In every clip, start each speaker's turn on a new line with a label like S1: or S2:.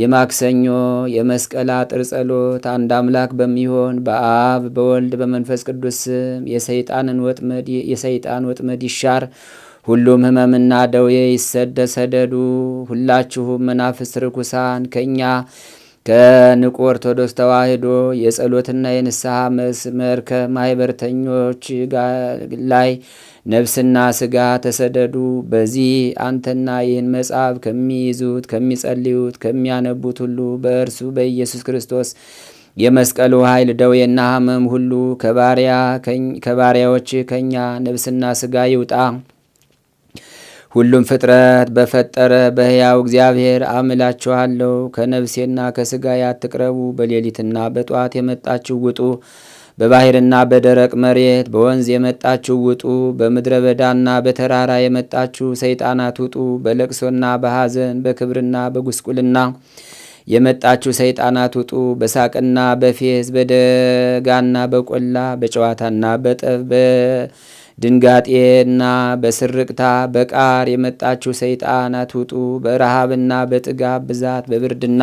S1: የማክሰኞ የመስቀል አጥር ጸሎት አንድ አምላክ በሚሆን በአብ በወልድ በመንፈስ ቅዱስ ስም የሰይጣንን ወጥመድ የሰይጣን ወጥመድ ይሻር፣ ሁሉም ህመምና ደዌ ይሰደድ ሰደዱ። ሁላችሁም መናፍስት ርኩሳን ከእኛ ከንቁ ኦርቶዶክስ ተዋህዶ የጸሎትና የንስሐ መስመር ከማይበርተኞች ላይ ነፍስና ስጋ ተሰደዱ። በዚህ አንተና ይህን መጽሐፍ ከሚይዙት፣ ከሚጸልዩት፣ ከሚያነቡት ሁሉ በእርሱ በኢየሱስ ክርስቶስ የመስቀሉ ኃይል ደዌና ሕመም ሁሉ ከባሪያዎች ከእኛ ነፍስና ስጋ ይውጣ። ሁሉም ፍጥረት በፈጠረ በሕያው እግዚአብሔር አምላችኋለሁ። ከነፍሴና ከሥጋ ያትቅረቡ በሌሊትና በጧት የመጣችሁ ውጡ። በባሕርና በደረቅ መሬት በወንዝ የመጣችሁ ውጡ። በምድረ በዳና በተራራ የመጣችሁ ሰይጣናት ውጡ። በለቅሶና በሐዘን በክብርና በጉስቁልና የመጣችሁ ሰይጣናት ውጡ፣ በሳቅና በፌዝ በደጋና በቆላ በጨዋታና በጠብ በድንጋጤና በስርቅታ በቃር የመጣችሁ ሰይጣናት ውጡ፣ በረሃብና በጥጋብ ብዛት በብርድና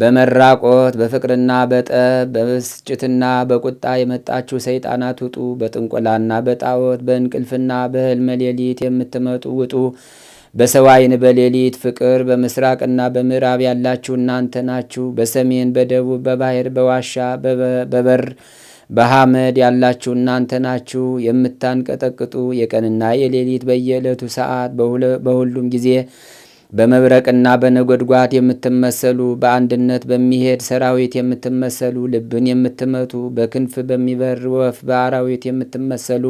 S1: በመራቆት በፍቅርና በጠብ በብስጭትና በቁጣ የመጣችሁ ሰይጣናት ውጡ፣ በጥንቆላና በጣዖት በእንቅልፍና በሕልመ ሌሊት የምትመጡ ውጡ በሰዋይን በሌሊት ፍቅር በምስራቅና በምዕራብ ያላችሁ እናንተ ናችሁ። በሰሜን በደቡብ በባህር በዋሻ በበር በሐመድ ያላችሁ እናንተ ናችሁ። የምታንቀጠቅጡ የቀንና የሌሊት በየዕለቱ ሰዓት በሁሉም ጊዜ በመብረቅና በነጎድጓድ የምትመሰሉ በአንድነት በሚሄድ ሰራዊት የምትመሰሉ ልብን የምትመቱ በክንፍ በሚበር ወፍ በአራዊት የምትመሰሉ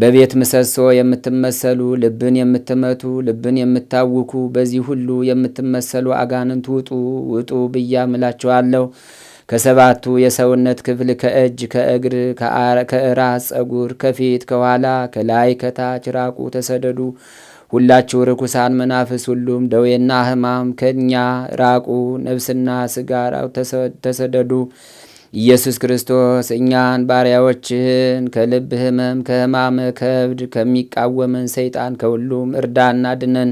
S1: በቤት ምሰሶ የምትመሰሉ ልብን የምትመቱ ልብን የምታውኩ በዚህ ሁሉ የምትመሰሉ አጋንንት ውጡ ውጡ ብያ ምላችኋለሁ። ከሰባቱ የሰውነት ክፍል ከእጅ፣ ከእግር፣ ከእራስ ጸጉር፣ ከፊት፣ ከኋላ፣ ከላይ፣ ከታች ራቁ፣ ተሰደዱ። ሁላችሁ ርኩሳን መናፍስ፣ ሁሉም ደዌና ሕማም ከእኛ ራቁ። ነፍስና ስጋ ተሰደዱ። ኢየሱስ ክርስቶስ እኛን ባሪያዎችህን ከልብ ህመም ከህማመ ከብድ ከሚቃወመን ሰይጣን ከሁሉም እርዳና ድነን።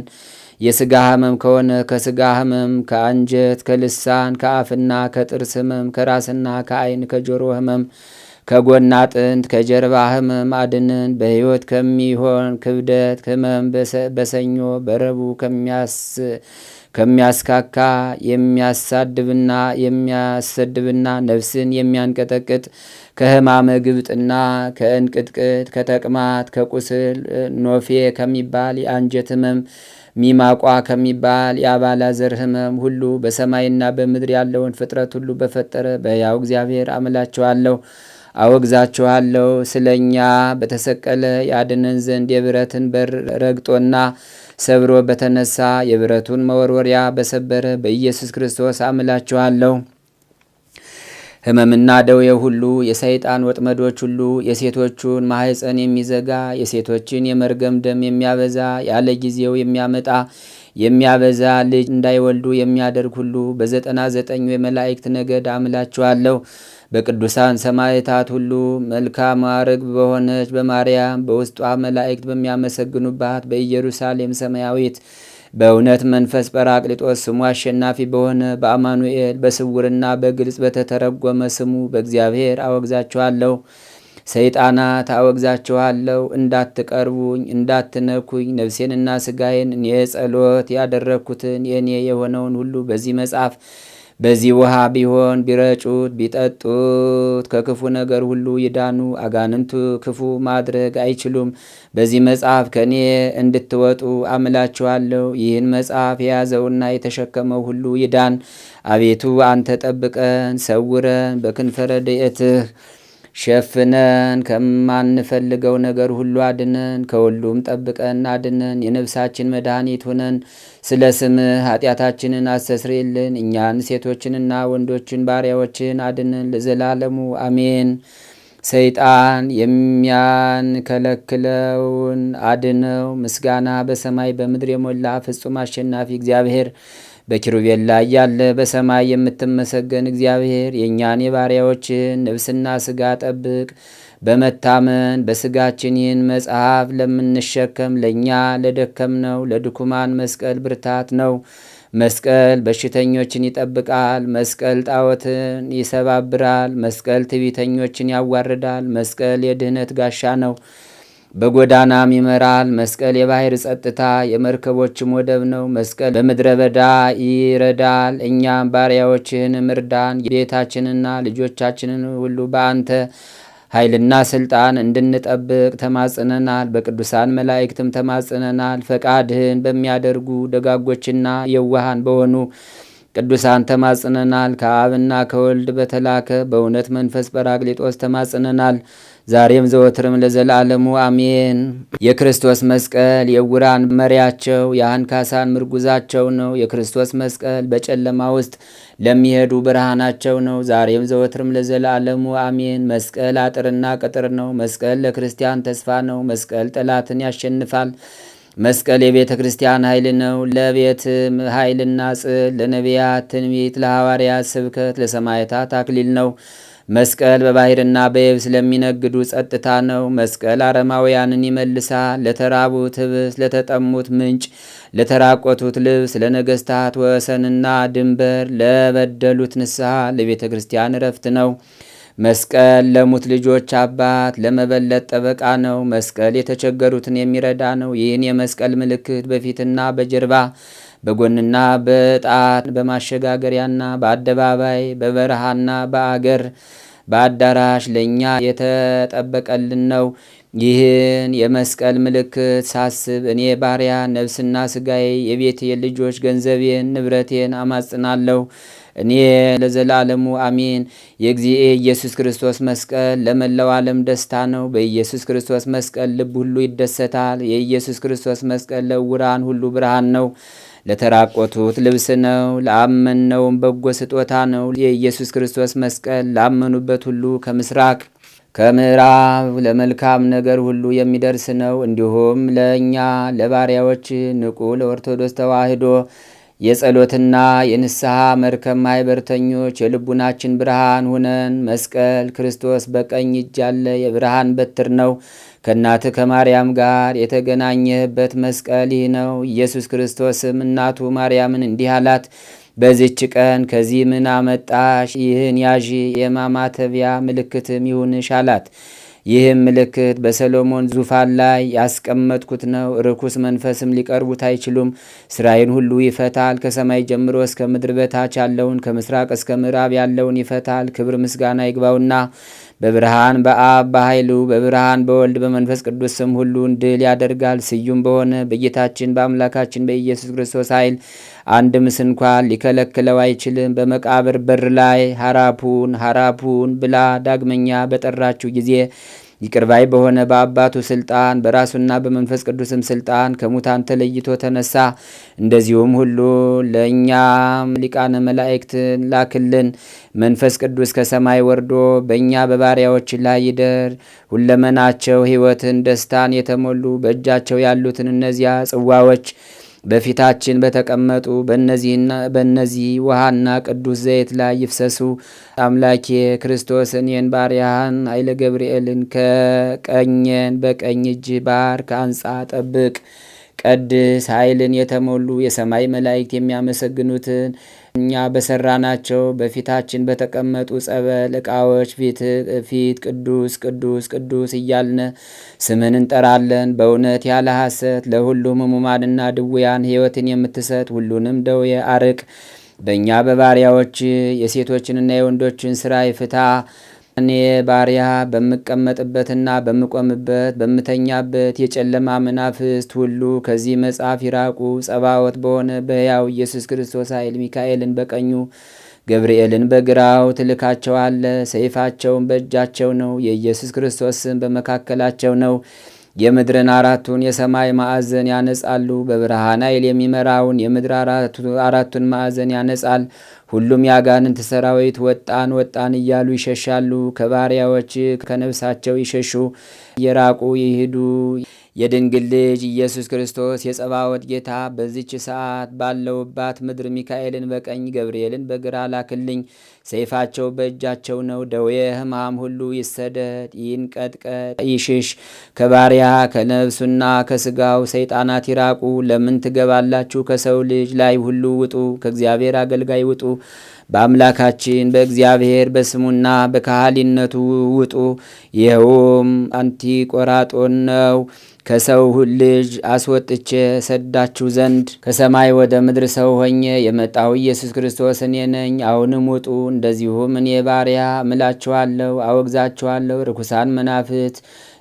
S1: የስጋ ህመም ከሆነ ከስጋ ህመም ከአንጀት ከልሳን ከአፍና ከጥርስ ህመም ከራስና ከአይን ከጆሮ ህመም ከጎና አጥንት ከጀርባ ህመም አድነን። በሕይወት ከሚሆን ክብደት ህመም በሰኞ በረቡዕ ከሚያስ ከሚያስካካ የሚያሳድብና የሚያሰድብና ነፍስን የሚያንቀጠቅጥ ከህማመ ግብጥና ከእንቅጥቅጥ ከተቅማት ከቁስል ኖፌ ከሚባል የአንጀት ህመም ሚማቋ ከሚባል የአባላ ዘር ህመም ሁሉ በሰማይና በምድር ያለውን ፍጥረት ሁሉ በፈጠረ በያው እግዚአብሔር አምላችኋለሁ አወግዛችኋለሁ። ስለ እኛ በተሰቀለ ያድነን ዘንድ የብረትን በር ረግጦና ሰብሮ በተነሳ የብረቱን መወርወሪያ በሰበረ በኢየሱስ ክርስቶስ አምላችኋለሁ። ሕመምና ደዌ ሁሉ፣ የሰይጣን ወጥመዶች ሁሉ፣ የሴቶቹን ማህፀን የሚዘጋ የሴቶችን የመርገም ደም የሚያበዛ ያለ ጊዜው የሚያመጣ የሚያበዛ ልጅ እንዳይወልዱ የሚያደርግ ሁሉ በዘጠና ዘጠኙ የመላእክት ነገድ አምላችኋለሁ። በቅዱሳን ሰማይታት ሁሉ መልካም ማዕርግ በሆነች በማርያም በውስጧ መላእክት በሚያመሰግኑባት በኢየሩሳሌም ሰማያዊት በእውነት መንፈስ ጰራቅሊጦስ ስሙ አሸናፊ በሆነ በአማኑኤል በስውርና በግልጽ በተተረጎመ ስሙ በእግዚአብሔር አወግዛችኋለሁ። ሰይጣናት አወግዛችኋለሁ። እንዳትቀርቡኝ፣ እንዳትነኩኝ ነፍሴንና ስጋዬን እኔ ጸሎት ያደረግኩትን የእኔ የሆነውን ሁሉ በዚህ መጽሐፍ በዚህ ውሃ ቢሆን ቢረጩት ቢጠጡት ከክፉ ነገር ሁሉ ይዳኑ፣ አጋንንቱ ክፉ ማድረግ አይችሉም። በዚህ መጽሐፍ ከእኔ እንድትወጡ አምላችኋለሁ። ይህን መጽሐፍ የያዘውና የተሸከመው ሁሉ ይዳን። አቤቱ አንተ ጠብቀን፣ ሰውረን በክንፈ ረድኤትህ ሸፍነን ከማንፈልገው ነገር ሁሉ አድነን፣ ከሁሉም ጠብቀን አድነን። የነፍሳችን መድኃኒት ሁነን ስለ ስምህ ኃጢአታችንን አስተስርይልን። እኛን ሴቶችንና ወንዶችን ባሪያዎችን አድነን ለዘላለሙ አሜን። ሰይጣን የሚያንከለክለውን አድነው። ምስጋና በሰማይ በምድር የሞላ ፍጹም አሸናፊ እግዚአብሔር በኪሩቤል ላይ ያለ በሰማይ የምትመሰገን እግዚአብሔር የእኛን የባሪያዎችን ነፍስና ስጋ ጠብቅ። በመታመን በስጋችን ይህን መጽሐፍ ለምንሸከም ለእኛ ነው ለድኩማን መስቀል ብርታት ነው። መስቀል በሽተኞችን ይጠብቃል። መስቀል ጣዖትን ይሰባብራል። መስቀል ትቢተኞችን ያዋርዳል። መስቀል የድህነት ጋሻ ነው። በጎዳናም ይመራል። መስቀል የባህር ጸጥታ የመርከቦችም ወደብ ነው። መስቀል በምድረ በዳ ይረዳል። እኛም ባሪያዎችን ምርዳን ቤታችንና ልጆቻችንን ሁሉ በአንተ ኃይልና ስልጣን እንድንጠብቅ ተማጽነናል። በቅዱሳን መላእክትም ተማጽነናል። ፈቃድህን በሚያደርጉ ደጋጎችና የዋሃን በሆኑ ቅዱሳን ተማጽነናል። ከአብና ከወልድ በተላከ በእውነት መንፈስ ጰራቅሊጦስ ተማጽነናል። ዛሬም ዘወትርም ለዘላለሙ አሜን። የክርስቶስ መስቀል የዕውራን መሪያቸው የአንካሳን ምርጉዛቸው ነው። የክርስቶስ መስቀል በጨለማ ውስጥ ለሚሄዱ ብርሃናቸው ነው። ዛሬም ዘወትርም ለዘላለሙ አሜን። መስቀል አጥርና ቅጥር ነው። መስቀል ለክርስቲያን ተስፋ ነው። መስቀል ጠላትን ያሸንፋል። መስቀል የቤተ ክርስቲያን ኃይል ነው። ለቤትም ኃይልና ጽል፣ ለነቢያት ትንቢት፣ ለሐዋርያት ስብከት፣ ለሰማዕታት አክሊል ነው። መስቀል በባሕርና በየብስ ለሚነግዱ ጸጥታ ነው። መስቀል አረማውያንን ይመልሳል። ለተራቡት ህብስ፣ ለተጠሙት ምንጭ፣ ለተራቆቱት ልብስ፣ ለነገሥታት ወሰንና ድንበር፣ ለበደሉት ንስሐ፣ ለቤተ ክርስቲያን እረፍት ነው። መስቀል ለሙት ልጆች አባት ለመበለጥ ጠበቃ ነው። መስቀል የተቸገሩትን የሚረዳ ነው። ይህን የመስቀል ምልክት በፊትና በጀርባ በጎንና በጣት በማሸጋገሪያና በአደባባይ በበረሃና በአገር በአዳራሽ ለእኛ የተጠበቀልን ነው። ይህን የመስቀል ምልክት ሳስብ እኔ ባሪያ ነፍስና ስጋዬ የቤቴ ልጆች ገንዘቤን ንብረቴን አማጽናለሁ። እኔ ለዘላለሙ አሜን። የእግዚኤ ኢየሱስ ክርስቶስ መስቀል ለመላው ዓለም ደስታ ነው። በኢየሱስ ክርስቶስ መስቀል ልብ ሁሉ ይደሰታል። የኢየሱስ ክርስቶስ መስቀል ለውራን ሁሉ ብርሃን ነው። ለተራቆቱት ልብስ ነው። ለአመንነውም በጎ ስጦታ ነው። የኢየሱስ ክርስቶስ መስቀል ላመኑበት ሁሉ ከምስራቅ ከምዕራብ ለመልካም ነገር ሁሉ የሚደርስ ነው። እንዲሁም ለእኛ ለባሪያዎች ንቁ ለኦርቶዶክስ ተዋህዶ የጸሎትና የንስሐ መርከብ ማይበርተኞች የልቡናችን ብርሃን ሁነን። መስቀል ክርስቶስ በቀኝ እጅ ያለ የብርሃን በትር ነው። ከእናትህ ከማርያም ጋር የተገናኘህበት መስቀል ይህ ነው። ኢየሱስ ክርስቶስም እናቱ ማርያምን እንዲህ አላት። በዚች ቀን ከዚህ ምን አመጣሽ? ይህን ያዢ የማማተቢያ ምልክትም ይሁንሽ አላት። ይህም ምልክት በሰሎሞን ዙፋን ላይ ያስቀመጥኩት ነው። ርኩስ መንፈስም ሊቀርቡት አይችሉም። ስራይን ሁሉ ይፈታል። ከሰማይ ጀምሮ እስከ ምድር በታች ያለውን ከምስራቅ እስከ ምዕራብ ያለውን ይፈታል። ክብር ምስጋና ይግባውና በብርሃን በአብ በኃይሉ በብርሃን በወልድ በመንፈስ ቅዱስ ስም ሁሉን ድል ያደርጋል። ስዩም በሆነ በጌታችን በአምላካችን በኢየሱስ ክርስቶስ ኃይል አንድም ስንኳ ሊከለክለው አይችልም። በመቃብር በር ላይ ሀራፑን ሀራፑን ብላ ዳግመኛ በጠራችው ጊዜ ይቅርባይ በሆነ በአባቱ ስልጣን በራሱና በመንፈስ ቅዱስም ስልጣን ከሙታን ተለይቶ ተነሳ። እንደዚሁም ሁሉ ለእኛም ሊቃነ መላእክትን ላክልን። መንፈስ ቅዱስ ከሰማይ ወርዶ በእኛ በባሪያዎች ላይ ይደር። ሁለመናቸው ሕይወትን፣ ደስታን የተሞሉ በእጃቸው ያሉትን እነዚያ ጽዋዎች በፊታችን በተቀመጡ በእነዚህና በእነዚህ ውሃና ቅዱስ ዘይት ላይ ይፍሰሱ። አምላኬ ክርስቶስ እኔን ባርያህን ኃይለ ገብርኤልን ከቀኘን በቀኝ እጅ ባር ከአንጻ ጠብቅ፣ ቀድስ ኃይልን የተሞሉ የሰማይ መላእክት የሚያመሰግኑትን እኛ በሰራናቸው በፊታችን በተቀመጡ ጸበል እቃዎች ፊት ፊት ቅዱስ ቅዱስ ቅዱስ እያልን ስምን እንጠራለን። በእውነት ያለ ሐሰት ለሁሉም ሕሙማንና ድውያን ሕይወትን የምትሰጥ ሁሉንም ደዌ አርቅ። በእኛ በባሪያዎች የሴቶችንና የወንዶችን ስራ ይፍታ። እኔ ባሪያ በምቀመጥበትና በምቆምበት በምተኛበት የጨለማ መናፍስት ሁሉ ከዚህ መጽሐፍ ይራቁ። ጸባወት በሆነ በሕያው ኢየሱስ ክርስቶስ ኃይል ሚካኤልን በቀኙ ገብርኤልን በግራው ትልካቸው አለ ሰይፋቸውን በእጃቸው ነው። የኢየሱስ ክርስቶስ ስም በመካከላቸው ነው። የምድርን አራቱን የሰማይ ማዕዘን ያነጻሉ። በብርሃን ኃይል የሚመራውን የምድር አራቱን ማዕዘን ያነጻል። ሁሉም ያጋንንት ሰራዊት ወጣን ወጣን እያሉ ይሸሻሉ። ከባሪያዎች ከነፍሳቸው ይሸሹ የራቁ ይሂዱ። የድንግል ልጅ ኢየሱስ ክርስቶስ የጸባወት ጌታ በዚች ሰዓት ባለውባት ምድር ሚካኤልን በቀኝ ገብርኤልን በግራ ላክልኝ። ሰይፋቸው በእጃቸው ነው። ደዌ ሕማም ሁሉ ይሰደድ፣ ይንቀጥቀጥ፣ ይሽሽ። ከባሪያ ከነፍሱና ከስጋው ሰይጣናት ይራቁ። ለምን ትገባላችሁ? ከሰው ልጅ ላይ ሁሉ ውጡ፣ ከእግዚአብሔር አገልጋይ ውጡ። በአምላካችን በእግዚአብሔር በስሙና በካህሊነቱ ውጡ። ይኸውም አንቲ ቆራጦን ነው። ከሰው ልጅ አስወጥቼ ሰዳችሁ ዘንድ ከሰማይ ወደ ምድር ሰው ሆኜ የመጣው ኢየሱስ ክርስቶስ እኔ ነኝ። አሁንም ውጡ እንደዚሁም እኔ ባሪያ ምላችኋለሁ፣ አወግዛችኋለሁ ርኩሳን መናፍት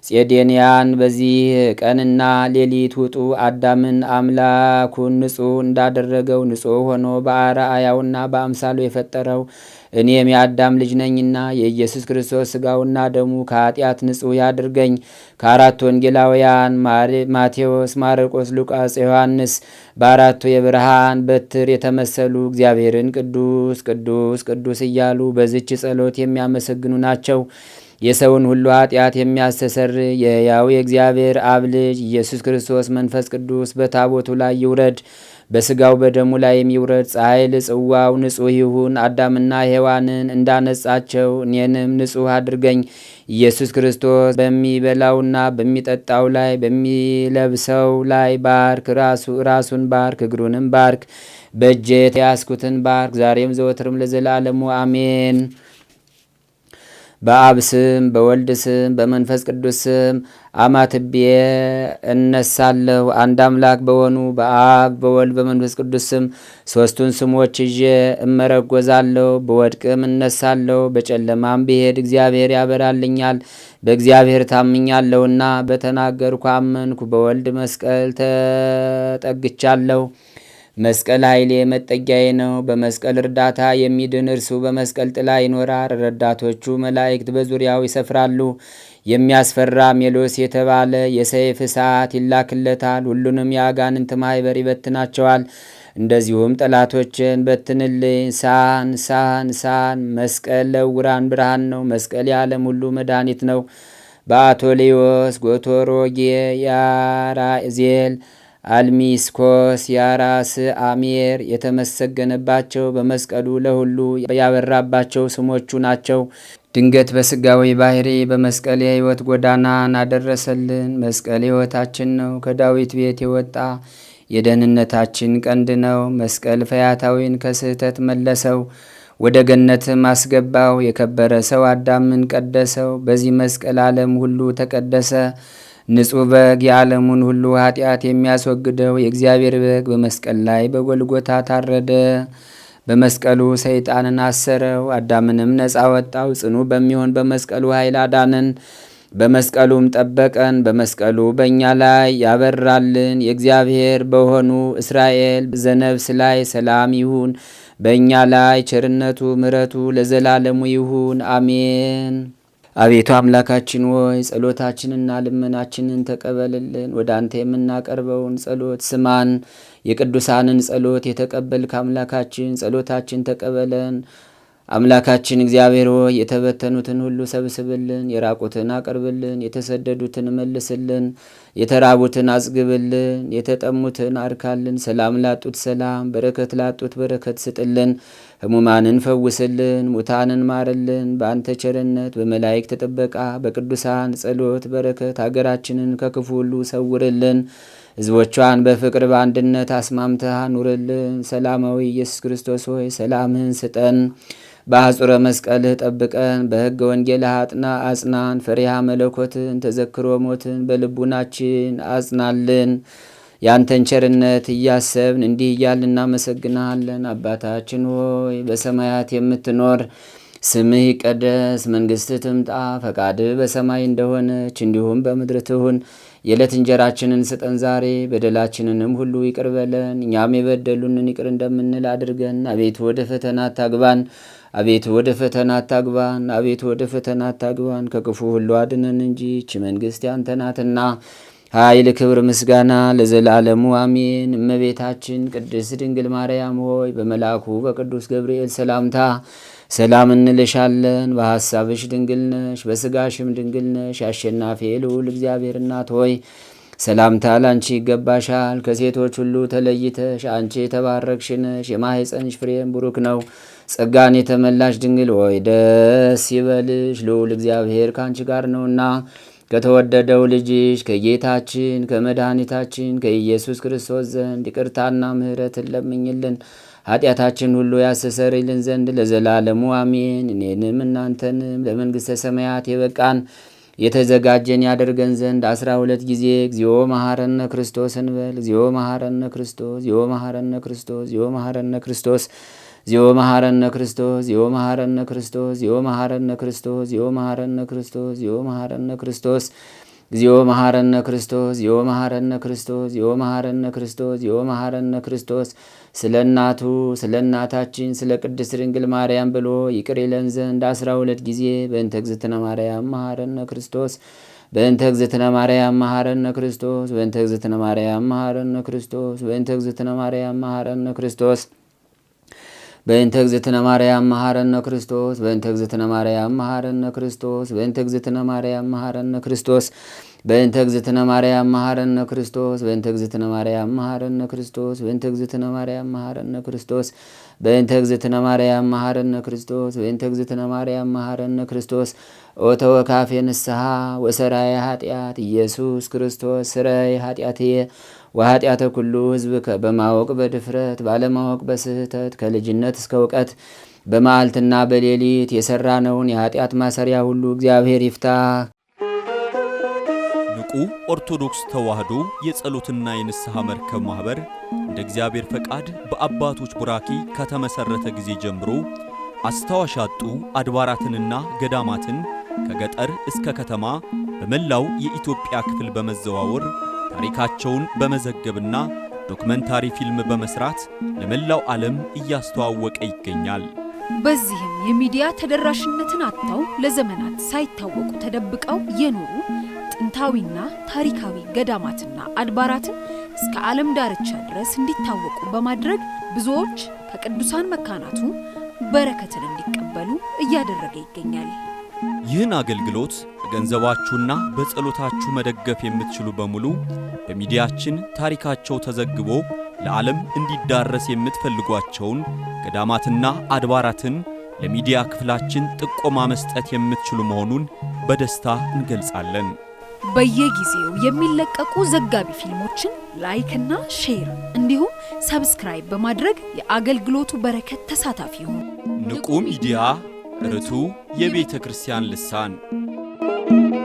S1: ጼዴንያን በዚህ ቀንና ሌሊት ውጡ አዳምን አምላኩን ንጹህ እንዳደረገው ንጹሕ ሆኖ በአርአያውና በአምሳሉ የፈጠረው እኔም የአዳም ልጅ ነኝና የኢየሱስ ክርስቶስ ስጋውና ደሙ ከኃጢአት ንጹሕ ያድርገኝ። ከአራቱ ወንጌላውያን ማቴዎስ፣ ማርቆስ፣ ሉቃስ፣ ዮሐንስ በአራቱ የብርሃን በትር የተመሰሉ እግዚአብሔርን ቅዱስ ቅዱስ ቅዱስ እያሉ በዝች ጸሎት የሚያመሰግኑ ናቸው። የሰውን ሁሉ ኃጢአት የሚያስተሰር የሕያው የእግዚአብሔር አብ ልጅ ኢየሱስ ክርስቶስ መንፈስ ቅዱስ በታቦቱ ላይ ይውረድ፣ በስጋው በደሙ ላይ የሚውረድ ፀሐይ ልጽዋው ንጹሕ ይሁን። አዳምና ሔዋንን እንዳነጻቸው እኔንም ንጹሕ አድርገኝ። ኢየሱስ ክርስቶስ በሚበላውና በሚጠጣው ላይ በሚለብሰው ላይ ባርክ፣ ራሱን ባርክ፣ እግሩንም ባርክ፣ በእጄ ያስኩትን ባርክ። ዛሬም ዘወትርም ለዘላለሙ አሜን። በአብ ስም በወልድ ስም በመንፈስ ቅዱስ ስም አማትቤ እነሳለሁ። አንድ አምላክ በሆኑ በአብ በወልድ በመንፈስ ቅዱስ ስም ሶስቱን ስሞች ይዤ እመረጎዛለሁ። በወድቅም እነሳለሁ፣ በጨለማም ብሄድ እግዚአብሔር ያበራልኛል። በእግዚአብሔር ታምኛለሁና በተናገርኩ አመንኩ። በወልድ መስቀል ተጠግቻለሁ። መስቀል ኃይሌ መጠጊያዬ ነው። በመስቀል እርዳታ የሚድን እርሱ በመስቀል ጥላ ይኖራል። ረዳቶቹ መላእክት በዙሪያው ይሰፍራሉ። የሚያስፈራ ሜሎስ የተባለ የሰይፍ እሳት ይላክለታል። ሁሉንም የአጋንንት በር ይበትናቸዋል። እንደዚሁም ጠላቶችን በትንልኝ። ሳን ሳን ሳን መስቀል ለውራን ብርሃን ነው። መስቀል የዓለም ሁሉ መድኃኒት ነው። በአቶሌዎስ ጎቶሮጌ ያራዜል አልሚስኮስ ያራስ አሜር የተመሰገነባቸው በመስቀሉ ለሁሉ ያበራባቸው ስሞቹ ናቸው። ድንገት በስጋዊ ባህሪ በመስቀል የሕይወት ጎዳናን አደረሰልን። መስቀል ሕይወታችን ነው። ከዳዊት ቤት የወጣ የደህንነታችን ቀንድ ነው። መስቀል ፈያታዊን ከስህተት መለሰው፣ ወደ ገነትም አስገባው። የከበረ ሰው አዳምን ቀደሰው። በዚህ መስቀል ዓለም ሁሉ ተቀደሰ። ንጹሕ በግ የዓለሙን ሁሉ ኃጢአት የሚያስወግደው የእግዚአብሔር በግ በመስቀል ላይ በጎልጎታ ታረደ። በመስቀሉ ሰይጣንን አሰረው፣ አዳምንም ነፃ ወጣው። ጽኑ በሚሆን በመስቀሉ ኃይል አዳንን፣ በመስቀሉም ጠበቀን። በመስቀሉ በእኛ ላይ ያበራልን። የእግዚአብሔር በሆኑ እስራኤል ዘነብስ ላይ ሰላም ይሁን። በእኛ ላይ ቸርነቱ ምሕረቱ ለዘላለሙ ይሁን አሜን። አቤቱ አምላካችን ሆይ ጸሎታችንና ልመናችንን ተቀበልልን። ወደ አንተ የምናቀርበውን ጸሎት ስማን። የቅዱሳንን ጸሎት የተቀበልክ አምላካችን ጸሎታችን ተቀበለን። አምላካችን እግዚአብሔር ሆይ የተበተኑትን ሁሉ ሰብስብልን፣ የራቁትን አቅርብልን፣ የተሰደዱትን መልስልን፣ የተራቡትን አጽግብልን፣ የተጠሙትን አርካልን፣ ሰላም ላጡት ሰላም፣ በረከት ላጡት በረከት ስጥልን፣ ሕሙማንን ፈውስልን፣ ሙታንን ማርልን። በአንተ ቸርነት በመላይክ ተጠበቃ በቅዱሳን ጸሎት በረከት ሀገራችንን ከክፉ ሁሉ ሰውርልን። ህዝቦቿን በፍቅር በአንድነት አስማምተህ ኑርልን። ሰላማዊ ኢየሱስ ክርስቶስ ሆይ ሰላምህን ስጠን። በአጹረ መስቀልህ ጠብቀን፣ በሕገ ወንጌልህ አጥና አጽናን። ፈሪሃ መለኮትን ተዘክሮ ሞትን በልቡናችን አጽናልን። ያንተን ቸርነት እያሰብን እንዲህ እያልን እናመሰግናሃለን። አባታችን ሆይ በሰማያት የምትኖር ስምህ ይቀደስ፣ መንግሥትህ ትምጣ፣ ፈቃድህ በሰማይ እንደሆነች እንዲሁም በምድር ትሁን የዕለት እንጀራችንን ስጠን ዛሬ፣ በደላችንንም ሁሉ ይቅር በለን እኛም የበደሉንን ይቅር እንደምንል አድርገን። አቤቱ ወደ ፈተና አታግባን፣ አቤቱ ወደ ፈተና አታግባን፣ አቤቱ ወደ ፈተና አታግባን፣ ከክፉ ሁሉ አድነን እንጂ ይህች መንግሥት ያንተ ናትና ኃይል፣ ክብር፣ ምስጋና ለዘላለሙ አሜን። እመቤታችን ቅድስት ድንግል ማርያም ሆይ በመልአኩ በቅዱስ ገብርኤል ሰላምታ ሰላም እንልሻለን። በሐሳብሽ ድንግል ነሽ፣ በሥጋሽም ድንግል ነሽ። አሸናፊ ልዑል እግዚአብሔር እናት ሆይ ሰላምታ ላንቺ ይገባሻል። ከሴቶች ሁሉ ተለይተሽ አንቺ የተባረክሽ ነሽ፣ የማኅፀንሽ ፍሬም ቡሩክ ነው። ጸጋን የተመላሽ ድንግል ሆይ ደስ ይበልሽ፣ ልዑል እግዚአብሔር ከአንቺ ጋር ነውና ከተወደደው ልጅሽ ከጌታችን ከመድኃኒታችን ከኢየሱስ ክርስቶስ ዘንድ ይቅርታና ምሕረትን ለምኝልን ኃጢአታችን ሁሉ ያስተሰርይልን ዘንድ ለዘላለሙ አሜን። እኔንም እናንተንም ለመንግሥተ ሰማያት የበቃን የተዘጋጀን ያደርገን ዘንድ አስራ ሁለት ጊዜ እግዚኦ መሐረነ ክርስቶስ እንበል። እግዚኦ መሐረነ ክርስቶስ፣ እግዚኦ መሐረነ ክርስቶስ፣ እግዚኦ መሐረነ ክርስቶስ ዚዮ መሐረነ ክርስቶስ ዚዮ መሐረነ ክርስቶስ ዚዮ መሐረነ ክርስቶስ ዚዮ መሐረነ ክርስቶስ ዚዮ መሐረነ ክርስቶስ እግዚኦ መሐረነ ክርስቶስ ዮ መሐረነ ክርስቶስ ዮ መሐረነ ክርስቶስ ዮ መሐረነ ክርስቶስ ስለ እናቱ ስለ እናታችን ስለ ቅድስት ድንግል ማርያም ብሎ ይቅር ይለን ዘንድ አስራ ሁለት ጊዜ በእንተ እግዝእትነ ማርያም መሐረነ ክርስቶስ በእንተ እግዝእትነ ማርያም መሐረነ ክርስቶስ በእንተ እግዝእትነ ማርያም መሐረነ ክርስቶስ በእንተ እግዝእትነ ማርያም መሐረነ ክርስቶስ በእንተ እግዝእትነ ማርያም መሐረነ ክርስቶስ በእንተ እግዝእትነ ማርያም መሐረነ ክርስቶስ በእንተ እግዝእትነ ማርያም መሐረነ ክርስቶስ በእንተ እግዝእትነ ማርያም መሐረነ ክርስቶስ በእንተ እግዝእትነ ማርያም መሐረነ ክርስቶስ በእንተ እግዝእትነ ማርያም መሐረነ ክርስቶስ በእንተ እግዝእትነ ማርያም መሐረነ ክርስቶስ በእንተ እግዝእትነ ማርያም መሐረነ ክርስቶስ ኦቶ ኦተወካፌ ንስሐ ወሰራይ ኃጢአት ኢየሱስ ክርስቶስ ስረይ ኃጢአትየ ወኃጢአተ ኩሉ ህዝብ በማወቅ በድፍረት ባለማወቅ በስህተት ከልጅነት እስከ እውቀት በመዓልትና በሌሊት የሰራነውን የኃጢአት ማሰሪያ ሁሉ እግዚአብሔር ይፍታ።
S2: ንቁ ኦርቶዶክስ ተዋህዶ የጸሎትና የንስሐ መርከብ ማኅበር እንደ እግዚአብሔር ፈቃድ በአባቶች ቡራኪ ከተመሠረተ ጊዜ ጀምሮ አስታዋሽ ያጡ አድባራትንና ገዳማትን ከገጠር እስከ ከተማ በመላው የኢትዮጵያ ክፍል በመዘዋወር ታሪካቸውን በመዘገብና ዶክመንታሪ ፊልም በመስራት ለመላው ዓለም እያስተዋወቀ ይገኛል።
S3: በዚህም የሚዲያ ተደራሽነትን አጥተው ለዘመናት ሳይታወቁ ተደብቀው የኖሩ ጥንታዊና ታሪካዊ ገዳማትና አድባራትን እስከ ዓለም ዳርቻ ድረስ እንዲታወቁ በማድረግ ብዙዎች ከቅዱሳን መካናቱ በረከትን እንዲቀበሉ እያደረገ ይገኛል።
S2: ይህን አገልግሎት በገንዘባችሁና በጸሎታችሁ መደገፍ የምትችሉ በሙሉ በሚዲያችን ታሪካቸው ተዘግቦ ለዓለም እንዲዳረስ የምትፈልጓቸውን ገዳማትና አድባራትን ለሚዲያ ክፍላችን ጥቆማ መስጠት የምትችሉ መሆኑን በደስታ እንገልጻለን።
S3: በየጊዜው የሚለቀቁ ዘጋቢ ፊልሞችን ላይክና ሼር እንዲሁም ሰብስክራይብ በማድረግ የአገልግሎቱ በረከት ተሳታፊ ይሁኑ።
S2: ንቁ ሚዲያ ርቱ የቤተ ክርስቲያን ልሳን Thank you.